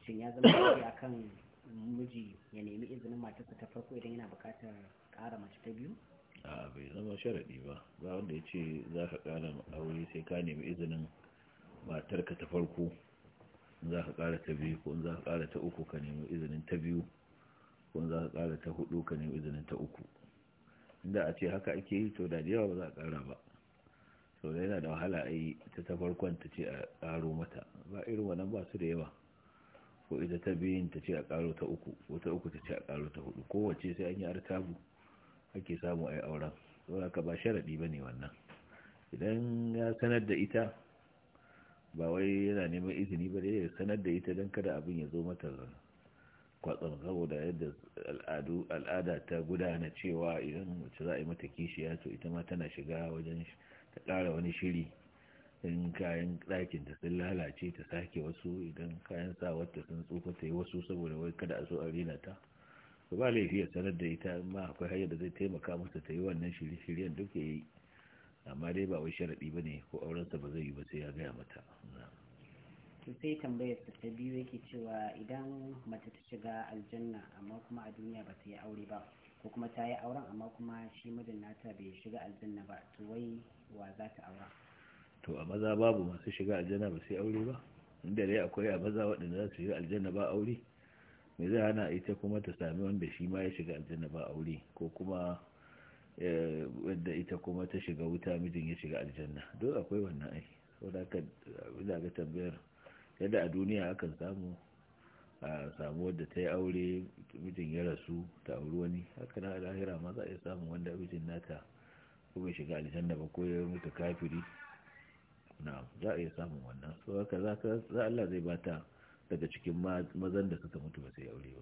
shin ya zama [coughs] a kan miji ya nemi izinin matarsa ta farko idan yana bukatar kara mace ta biyu a bai zama sharaɗi ba ba wanda ya ce za ka kara aure sai ka nemi izinin matarka ta farko za ka kara ta biyu ko za ka kara ta uku ka nemi izinin ta biyu ko za ka kara ta hudu ka nemi izinin ta uku inda a ce haka ake yi to da yawa ba za a kara ba sau yana da wahala a yi ta ta farkon ta ce a karo mata ba irin wannan ba su da yawa ko ita ta biyun ta ce a karo ta uku ko ta uku ta ce a karo ta hudu kowace sai an yi artabu ake samu a yi auren saboda ka ba sharaɗi ba ne wannan idan ya sanar da ita ba wai yana neman izini ba ya sanar da ita don kada abin ya zo mata kwatsan saboda yadda al'ada ta gudana cewa idan mace za a yi mata kishiya to ita ma tana shiga wajen ta ƙara wani shiri in kayan ɗakin ta sun lalace ta sake wasu idan kayan sawarta sun tsufa ta yi wasu saboda wai kada a so a rina ta to ba laifi ya sanar da ita ma akwai hanyar da zai taimaka masa ta yi wannan shirye-shiryen duk ya yi amma dai ba wai sharaɗi ba ne ko aurensa ba zai yi ba sai ya gaya mata to sai tambayar ta ta biyu yake cewa idan mace ta shiga aljanna amma kuma a duniya ba ta yi aure ba ko kuma ta yi auren amma kuma shi mijin nata bai shiga aljanna ba to wai wa za ta aura to a maza babu masu shiga aljanna ba sai aure ba inda dai akwai a maza waɗanda za su shiga aljanna ba aure me zai hana ita kuma ta sami wanda shi ma ya shiga aljanna ba aure ko kuma eh, wanda ita kuma ta shiga wuta mijin ya shiga aljanna don akwai wannan ai da ina ga tambayar yadda a duniya akan samu a samu wadda ta yi aure mijin ya rasu ta auri wani haka na lahira ma za a iya samun wanda mijin nata ko bai shiga aljanna ba ko ya mutu kafiri na'am za a iya samun wannan so haka za Allah zai bata daga cikin mazan da suka mutu ba sai aure ba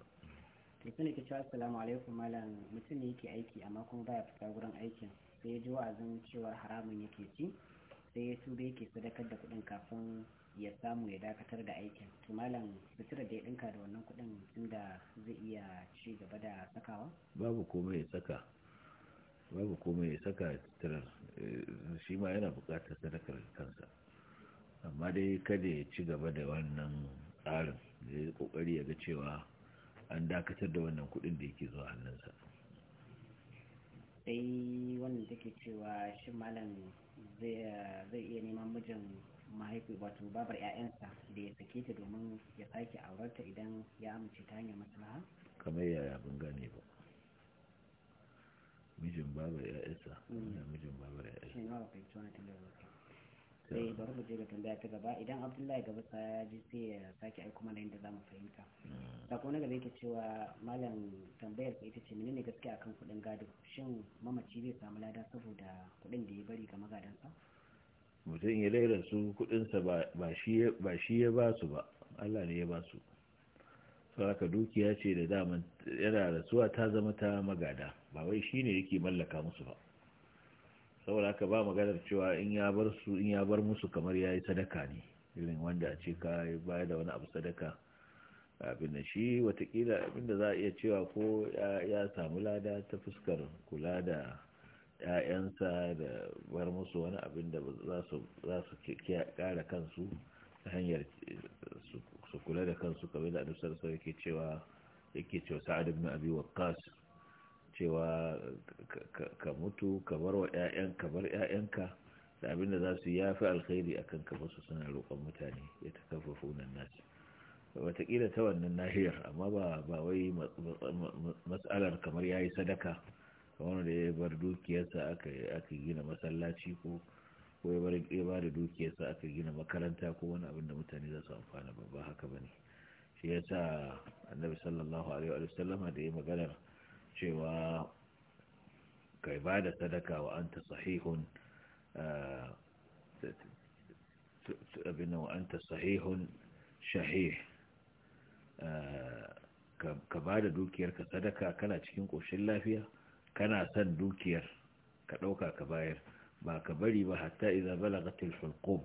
to suna ke cewa assalamu alaikum malam mutum ne yake aiki amma kuma baya fita gurin aikin sai ya ji wa'azin cewa haramun yake ci sai ya tube yake sadakar da kuɗin kafin ya samu ya dakatar da aikin to malam sutura da ya ɗinka da wannan kuɗin tunda zai iya ci gaba da sakawa babu komai ya saka babu komai ya saka tirar eh, shi ma yana bukatar sadakar kansa amma dai kada ya ci gaba da wannan tsarin da ya kokari ya ga cewa an dakatar da wannan kudin da yake zuwa hannunsa sai wannan take cewa shi malam zai iya neman mijin mahaifi wato babar 'ya'yansa da ya sake ta domin ya sake aurarta idan ya amince ta hanyar maslaha kamar yaya ban gane ba mijin babar ya'yarsa wannan hmm. mijin babar ya'yarsa shi ma ba fahimci wani tambayar ba eh, sai bari mu je ga tambaya ta gaba idan abdullahi gaba ya ji sai ya sake aiko mana yadda za mu fahimta ta hmm. na gaba yake cewa malam tambayar ita ce menene gaske akan kuɗin gado shin mamaci zai samu lada saboda kuɗin da ya bari ga magadansa mutum ya laira su kuɗinsa ba shi ya ba su ba allah ne ya ba su saboda dukiya ce da daman yana rasuwa ta zama ta magada ba wai shine yake mallaka musu ba saboda haka ba maganar cewa in ya bar su in ya bar musu kamar yayi sadaka ne irin wanda a ce ka bayar da wani abu sadaka abin da shi watakila abin za a iya cewa ko ya samu lada ta fuskar kula da ‘ya'yansa da bar musu wani abin da za su kara kansu ta hanyar su kula da kansu kamar da adusar sau yake cewa yake cewa sa'ad abin abi waqqas cewa ka mutu ka bar wa 'ya'yan ka bar 'ya'yanka da abin da za su ya fi alkhairi a kan kafa su suna roƙon mutane ya ta kafa funan nasu watakila ta wannan nahiyar amma ba wai matsalar kamar ya yi sadaka kamar da ya bar dukiyarsa aka gina masallaci ko ya bar ba da dukiyarsa aka gina makaranta ko wani abin da mutane za su amfana ba haka ba ne shi ya sa annabi sallallahu alaihi wa da ya maganar cewa kai ba da sadaka wa sahihun eh, abin wa sahihun shahih eh, ka ba da dukiyarka sadaka kana cikin ƙoshin lafiya kana son dukiyar ka ɗauka ka bayar ba ka bari ba hatta iza balaga hulqum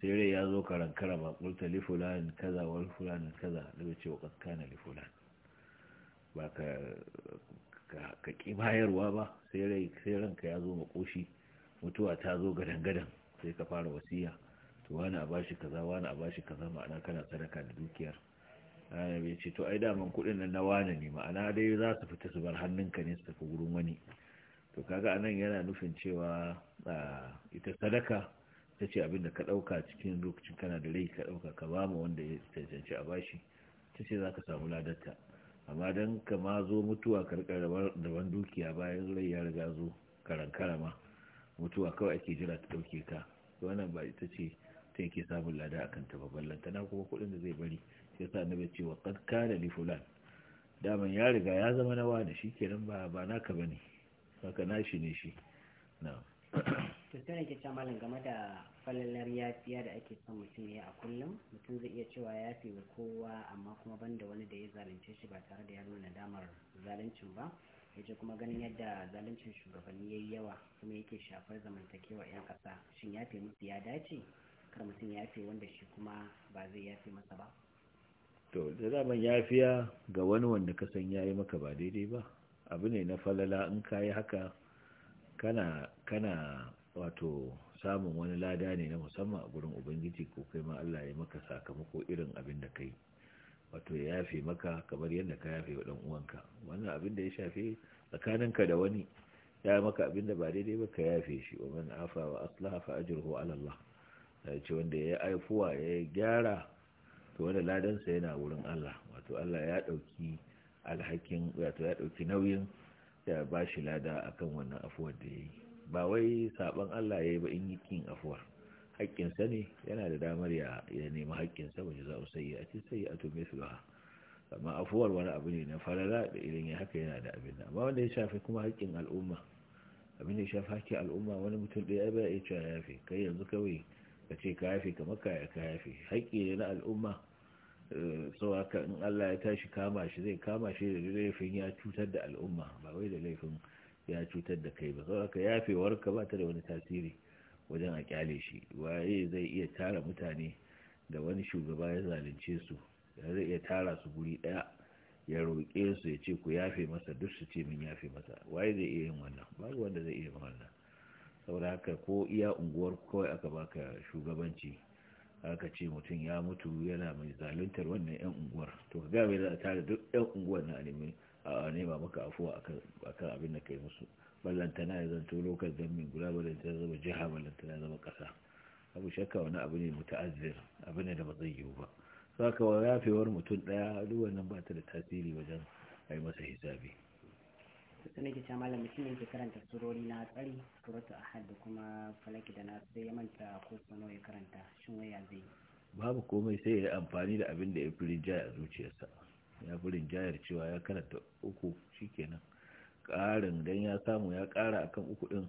sai rai ya zo ka rankara qulta li fulan kaza wal fulan kaza da ce wa ba ka ƙi bayarwa ba sai ranka ya zo makoshi mutuwa ta zo gadan-gadan sai ka fara wasiya to wani a bashi kaza wani a bashi kaza ma'ana kana sadaka da dukiyar ana bai ce to ai daman kuɗin nan na wani ne ma'ana dai za su fita su bar hannunka ne su tafi gurin wani to kaga anan yana nufin cewa ita sadaka ta ce abinda ka ɗauka cikin lokacin kana da rai ka ɗauka ka ba mu wanda ya cancanci a bashi ta ce za ka samu ladarta amma don ka ma zo mutuwa karkar daban dukiya bayan rai ya riga zo karankara ma mutuwa kawai ake jira ta dauke ka wannan ba ita ce ta yake samun lada a kanta babban lantana kuma kuɗin da zai bari ya sa na bace wa kanka da lifulan daman ya riga ya zama na wani shi ba ba naka bane haka nashi ne shi na'am sosai ne ke cewa malam game da falalar yafiya da ake son mutum ya a kullum mutum zai iya cewa ya fi kowa amma kuma banda wani da ya zalunce shi ba tare da ya nuna damar zaluncin ba yace kuma ganin yadda zaluncin shugabanni ya yi yawa kuma yake shafar zamantakewa yan kasa shin ya fi musu ya dace kar mutum ya fi wanda shi kuma ba zai yafe masa ba to da zaman yafiya ga wani wanda ka san yi maka ba daidai ba abu ne na falala in ka yi haka kana kana wato samun wani lada ne na musamman a gurin ubangiji ko kai ma Allah ya maka sakamako irin abin da kai wato ya yafe maka kamar yadda ka yafe wa dan uwanka wannan abin da ya shafe tsakaninka da wani ya maka abin da ba daidai ba ka yafe shi wa man afa wa aslaha fa ajruhu ala Allah ce wanda ya aifuwa ya gyara to wanda ladansa yana wurin Allah wato Allah ya dauki alhakin wato ya dauki nauyin ya bashi lada akan wannan afuwar da yayi ba wai saban Allah ya yi ba in yakin afuwa hakkin sa ne yana da damar ya ya nemi haƙƙin sa sai za'u sayyi'ati sayyi'atu mithluha amma afuwar wani abu ne na farara da irin ya haka yana da abin da amma wanda ya shafi kuma hakkin al'umma abin da ya shafi haƙƙin al'umma wani mutum ɗaya ba ya ce ya yafe kai yanzu kawai ka ce ka yafe kamar ka ya ka yafe haƙƙi ne na al'umma eh, sau haka in Allah ya tashi kama shi zai kama shi da laifin ya cutar da al'umma ba wai da laifin ya cutar da kai ba saboda warka ba ta da wani tasiri wajen a kyale shi waye zai iya tara mutane da wani shugaba ya zalunce su ya zai iya tara su guri daya ya roƙe su ya ce ku yafe masa duk su ce min yafe masa waye zai iya yin wannan babu wanda zai iya yin wannan saboda haka ko iya unguwar kawai aka baka shugabanci aka ce mutum ya mutu yana mai zaluntar wannan yan unguwar to ga mai za a tare duk yan unguwar na alimin a nema maka afuwa akan abin da kai musu na ya zanto lokacin zambin guda ballantana zama jiha ballantana zama ƙasa abu shakka wani abu ne muta'azzir abu ne da ba zai yiwu ba saka wa yafewar mutum ɗaya duk wannan ba ta da tasiri wajen a yi masa hisabi sun yake cewa malam mutum ke karanta surori na tsari suratu ahad da kuma falaki da nasu sai ya manta ko sano ya karanta shin waya zai babu komai sai ya amfani da abin da ya fi rinjaya a zuciyarsa ya fi rinjayar cewa ya karanta uku shikenan ƙarin don ya samu ya ƙara akan uku ɗin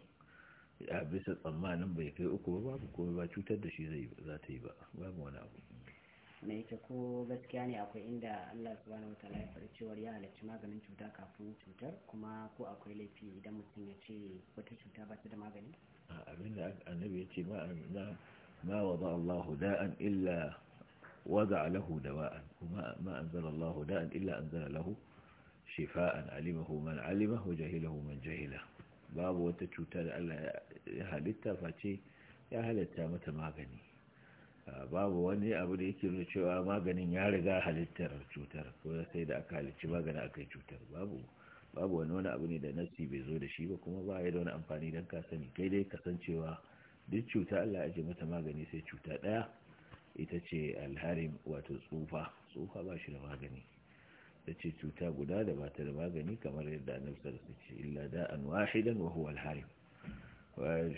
ya bisa tsammanin bai kai uku ba babu ko ba cutar da shi zai za ta yi ba babu wani abu na ita ko gaskiya ne akwai inda Allah subhanahu wa ta'ala ya faɗi cewar ya halarci maganin cuta kafin cutar kuma ko akwai laifi idan mutum ya ce wata cuta ba ta da magani abinda annabi ya ce ma ma wada da'an illa وضع له دواء وما أنزل الله داء إلا أنزل له شفاء علمه من علمه وجهله من جهله باب وتشوتال ألا يهالتا فاتي يهالتا متى ما غني babu wani abu da yake nuna cewa maganin ya riga halittar cutar ko da sai da aka halicci magana aka yi cutar babu wani wani abu ne da nasi bai zo da shi ba kuma ba ya da wani amfani don ka sani kai dai kasancewa duk cuta Allah ya mata magani sai cuta ɗaya. ita ce alharin wato tsufa tsufa ba shi da magani ta ce cuta guda da ba ta da magani kamar yadda annabi sallallahu ce illa da wahidan wa huwa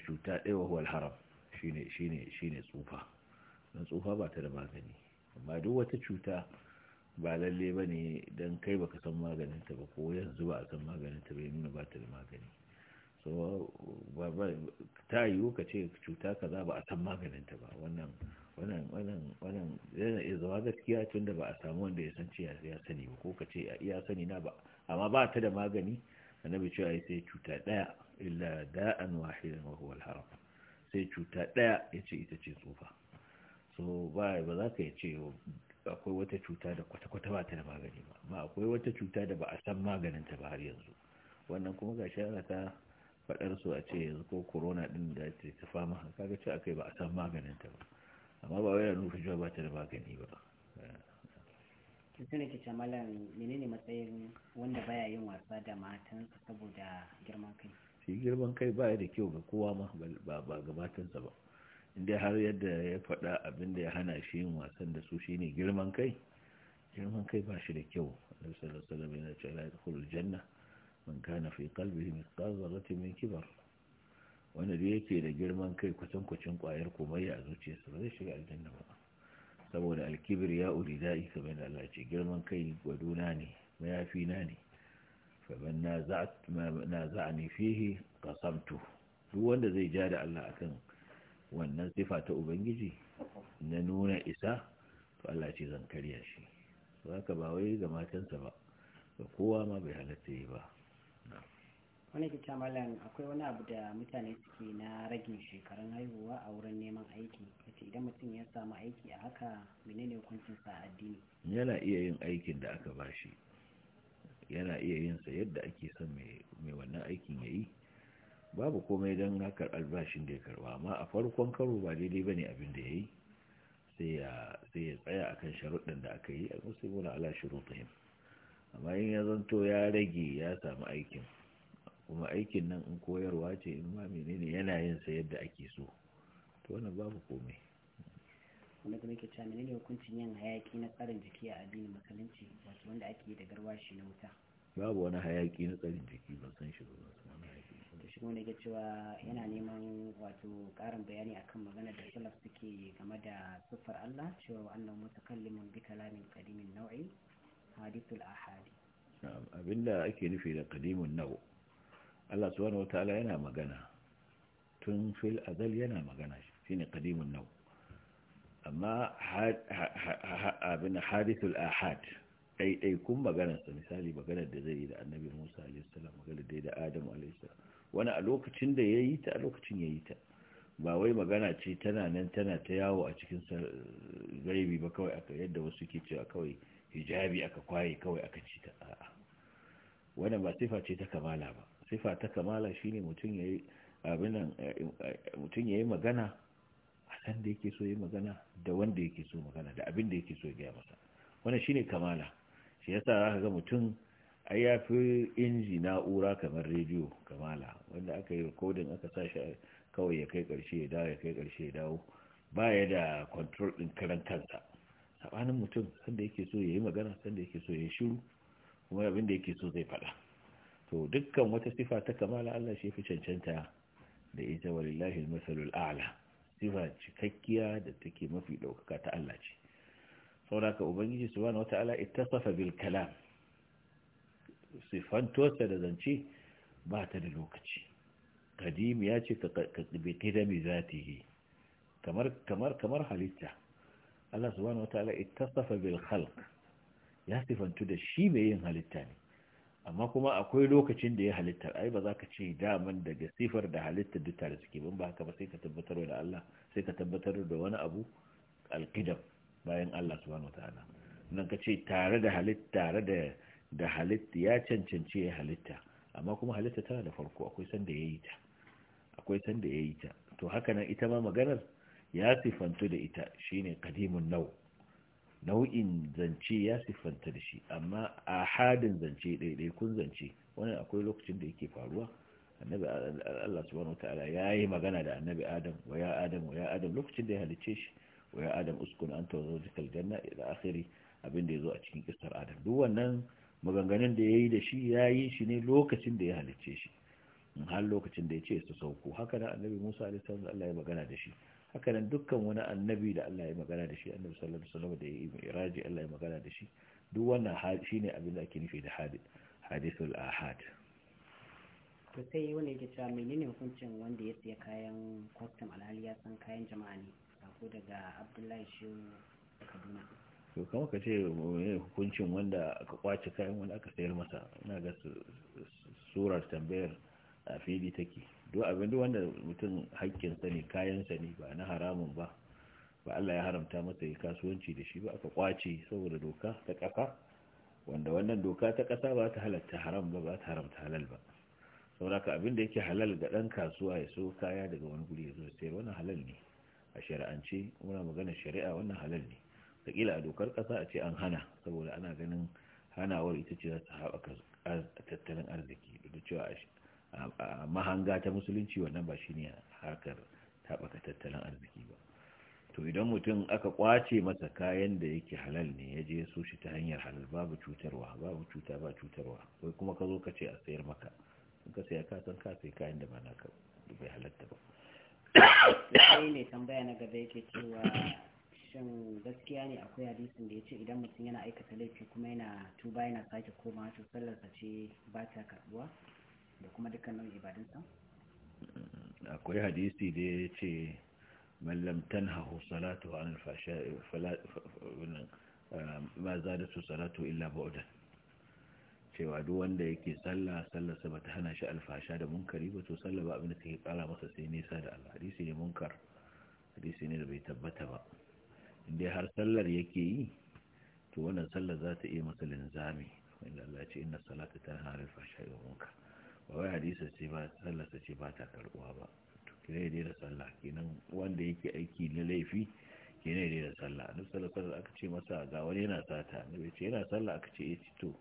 cuta ɗaya wa huwa alharam shine tsufa na tsufa ba ta da magani amma duk wata cuta ba lalle ba ne don kai baka san maganin ta ba ko yanzu ba a san maganin ta bai nuna ba ta da magani so ba ta yiwu ka ce cuta za ba a san maganin ta ba wannan wannan wannan wannan iya zama gaskiya tunda ba a samu wanda ya san cewa ya sani ba ko ka ce ya sani na ba amma ba ta da magani annabi cewa ai sai cuta daya illa da'an wahidan wa huwa al-haram sai cuta daya yace ita ce tsufa so ba ba za ka ce akwai wata cuta da kwata-kwata ba ta da magani ba amma akwai wata cuta da ba a san ta ba har yanzu wannan kuma gashi ana ta faɗar su a ce yanzu ko corona ɗin da ta fama kaga ce akai ba a san maganin ta ba amma ba wai nufin cewa ba ta da magani ba tuntun ke ce menene matsayin wanda baya yin wasa da matansa saboda girman kai shi girman kai baya da kyau ga kowa ma ba ga matansa ba inda har yadda ya faɗa abin da ya hana shi yin wasan da su shine girman kai girman kai ba shi da kyau da sallallahu alaihi sallam yana cewa la yadkhulul janna man kana fi qalbihi mithqal dharratin min kibar wanda da yake da girman kai kusan kucin kwayar komai a zuciyarsa ba zai shiga aljanna ba saboda alkibir ya uri da'i kamar da Allah ce girman kai gwadona ne mayafi na ne faman na za'ani fihi duk wanda zai ja da Allah akan wannan sifa ta ubangiji na nuna isa to Allah ce zan karya shi haka ba wai ga matansa ba ga kowa ma bai halatta yi ba wani ke tamalan akwai wani abu da mutane suke na ragin shekarun haihuwa a wurin neman aiki kace idan mutum ya samu aiki a haka menene hukuncin sa addini yana iya yin aikin da aka bashi yana iya yin sa yadda ake son mai wannan aikin yayi babu komai don haka albashin da ya karba amma a farkon karo ba daidai bane abin da yayi sai ya sai ya tsaya akan sharuɗin da aka yi al-muslimuna ala shurutihim amma in ya zanto ya rage ya samu aikin kuma aikin nan in koyarwa ce in ma menene yana yin sa yadda ake so to wannan babu komai wanda kuma yake cewa menene hukuncin yin hayaki na tsarin jiki a addinin musulunci wato wanda ake yi da garwashi na wuta babu wani hayaki na tsarin jiki ban san shi ba wani to cewa yana neman wato karin bayani akan magana da salaf suke game da sufar Allah cewa annahu mutakallimin bi kalamin qadimin nau'i hadithul ahadi abinda ake nufi da qadimun nau'i Allah subhanahu wataala yana magana tun fil azal yana magana shine qadimun nau amma abin hadithul ahad ɗaiɗaikun maganarsa misali maganar da zai yi da annabi musa alaihissalam maganar da ya da adamu alaihissalam wani a lokacin da ya yi ta a lokacin ya yi ta ba wai magana ce tana nan tana ta yawo a cikin zaibi ba kawai aka yadda wasu ke cewa kawai hijabi aka kwaye kawai aka ci ta a'a wannan ba sifa ce ta kamala ba sifa ta kamala shine mutum yayi abinan eh, eh, eh, magana a san da yake so yi magana da wanda yake so magana da abin da yake so ya masa wannan shine kamala shi yasa ka ga mutum ai ya fi inji na'ura kamar rediyo kamala wanda aka yi rikodin aka sa shi kawai ya kai karshe ya dawo ya kai karshe ya dawo baya da control din karan kansa sabanin mutum sanda yake so ya yi magana sanda yake so ya yi shiru kuma abin da yake so zai faɗa to dukkan wata sifa ta kamala Allah shi fi cancanta da ita walillahi al-masalul a'la sifa cikakkiya da take mafi daukaka ta Allah ce sauraka ubangiji subhanahu wata'ala ittasafa bil kalam sifantosa da zance ba ta da lokaci kadim ya ce ka tsibe kidami zatihi kamar kamar kamar halitta Allah subhanahu wata'ala ittasafa bil khalq ya sifantu da shi mai yin halitta ne amma kuma akwai lokacin da ya halitta ai ba za ka ce daman daga sifar da halitta duk tare suke ban ba haka ba sai ka tabbatar da Allah sai ka tabbatar da wani abu alqidam bayan Allah subhanahu wataala nan ka ce tare da halitta tare da da halitta ya cancanci ya halitta amma kuma halitta tana da farko akwai sanda yayi ta akwai sanda ya yi ta to haka nan ita ma maganar ya sifantu da ita shine qadimun nau' nau'in zance ya siffanta da shi amma a hadin zance ɗaiɗai kun zance wani akwai lokacin da yake faruwa annabi Allah subhanahu ta'ala ya yi magana da annabi adam wa ya adam wa ya adam lokacin da ya halice shi wa ya adam uskun wazo jikar janna ila akhiri abin da zo a cikin kisar adam duk wannan maganganun da ya yi da shi ya yi shi ne lokacin da ya halice shi har lokacin da ya ce su sauko haka da annabi Musa alaihi salam Allah ya magana da shi haka nan dukkan wani annabi da Allah ya magana da shi annabi sallallahu alaihi wasallam da ya yi miraji Allah ya magana da shi duk wannan shi ne abin da ake nufi da hadith hadithul ahad to sai wani yake cewa menene hukuncin wanda ya siya kayan custom alhali ya san kayan jama'a ne sako daga Abdullahi Shehu Kaduna to kamar ka ce hukuncin wanda aka kwace kayan wanda aka sayar masa ina ga surar tambayar a fili take duk abin duk wanda mutum haƙƙinsa ne kayansa ne ba na haramun ba ba Allah ya haramta masa ya kasuwanci da shi ba aka kwace saboda doka ta ƙasa wanda wannan doka ta ƙasa ba ta halatta haram ba ba ta haramta halal ba sauraka abin da yake halal ga dan kasuwa ya so kaya daga wani guri ya zo sai wannan halal ne a shari'ance muna magana shari'a wannan halal ne sakila a dokar kasa a ce an hana saboda ana ganin hanawar ita ce za ta haɓaka tattalin arziki da cewa mahanga ta musulunci wannan ba shine harkar taɓaka tattalin arziki ba to idan mutum aka kwace masa kayan da yake halal ne ya je so shi ta hanyar halal babu cutarwa babu cuta ba cutarwa wai kuma ka zo ka ce a sayar maka in ka saya ka san ka sai kayan da ba na da bai halatta ba sai ne tambaya na gaba yake cewa shin gaskiya ne akwai hadisin da ya ce idan mutum yana aikata laifi kuma yana tuba yana sake komawa to sallarsa ce ba ta karbuwa da kuma dukkan nau'in ibadunsa akwai hadisi da ya ce mallam tanhahu salatu an alfasha um, ma da su salatu illa ba'udan cewa duk wanda yake sallah sallar sa bata hana shi alfasha da munkari ba to sallah ba abin da take kala masa sai nisa da Allah hadisi ne munkar hadisi ne da bai tabbata ba inda har sallar yake yi to wannan sallar za ta iya masa linzami wanda Allah ya ce inna salata ta hana alfasha da munkar ba wai hadisa ce ba sallarsa ce ba ta karbuwa ba to kina dai da sallah kenan wanda yake aiki na laifi kina dai da sallah annabi sallar aka ce masa ga wani yana sata bai ce yana sallah aka ce eh to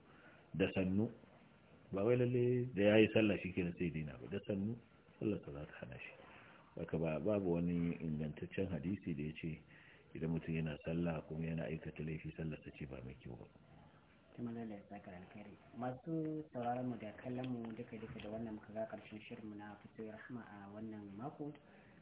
da sannu ba wai lalle da yayi sallah shi kenan sai daina ba da sannu sallar sa za ta hana shi haka ba babu wani ingantaccen hadisi da ya ce idan mutum yana sallah kuma yana aikata laifi sallar sa ce ba mai kyau ba tumanar da zakar alkhairi masu sauraron mu da kallon mu duka duka da wannan muka ga karshen shirin mu na fito rahma a wannan mako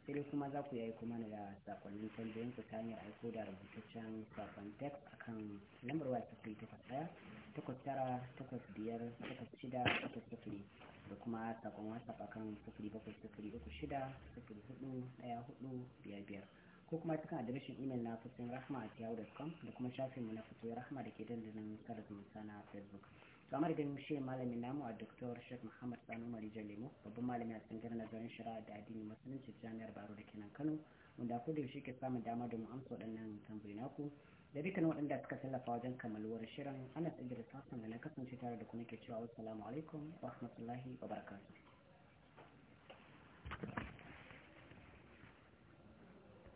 sai dai kuma za ku yayi kuma da sakonnin tambayoyin ku ta hanyar aiko da rubutaccen sakon text akan lambar waya ta kai takwas ɗaya takwas tara takwas biyar takwas shida takwas sifiri da kuma sakon wasap akan sifiri bakwai sifiri uku shida sifiri hudu ɗaya hudu biyar biyar ko kuma cikin adireshin imel na fatoyin rahma a yahoo.com da kuma shafin mu na ya rahma da ke dandalin da zumunta na facebook to amma da shi malamin namu a doktor sheikh muhammad sanu marijan lemo babban malami a tsangar nazarin shari'a da addini musulunci jami'ar baro da kenan kano wanda ko da yaushe ke samun dama domin amsa waɗannan tambayi naku da dukkan waɗanda suka tallafa wajen kammaluwar shirin ana tsagira sassan da na kasance tare da kuma ke cewa salamu alaikum wa rahmatullahi wa barakatuh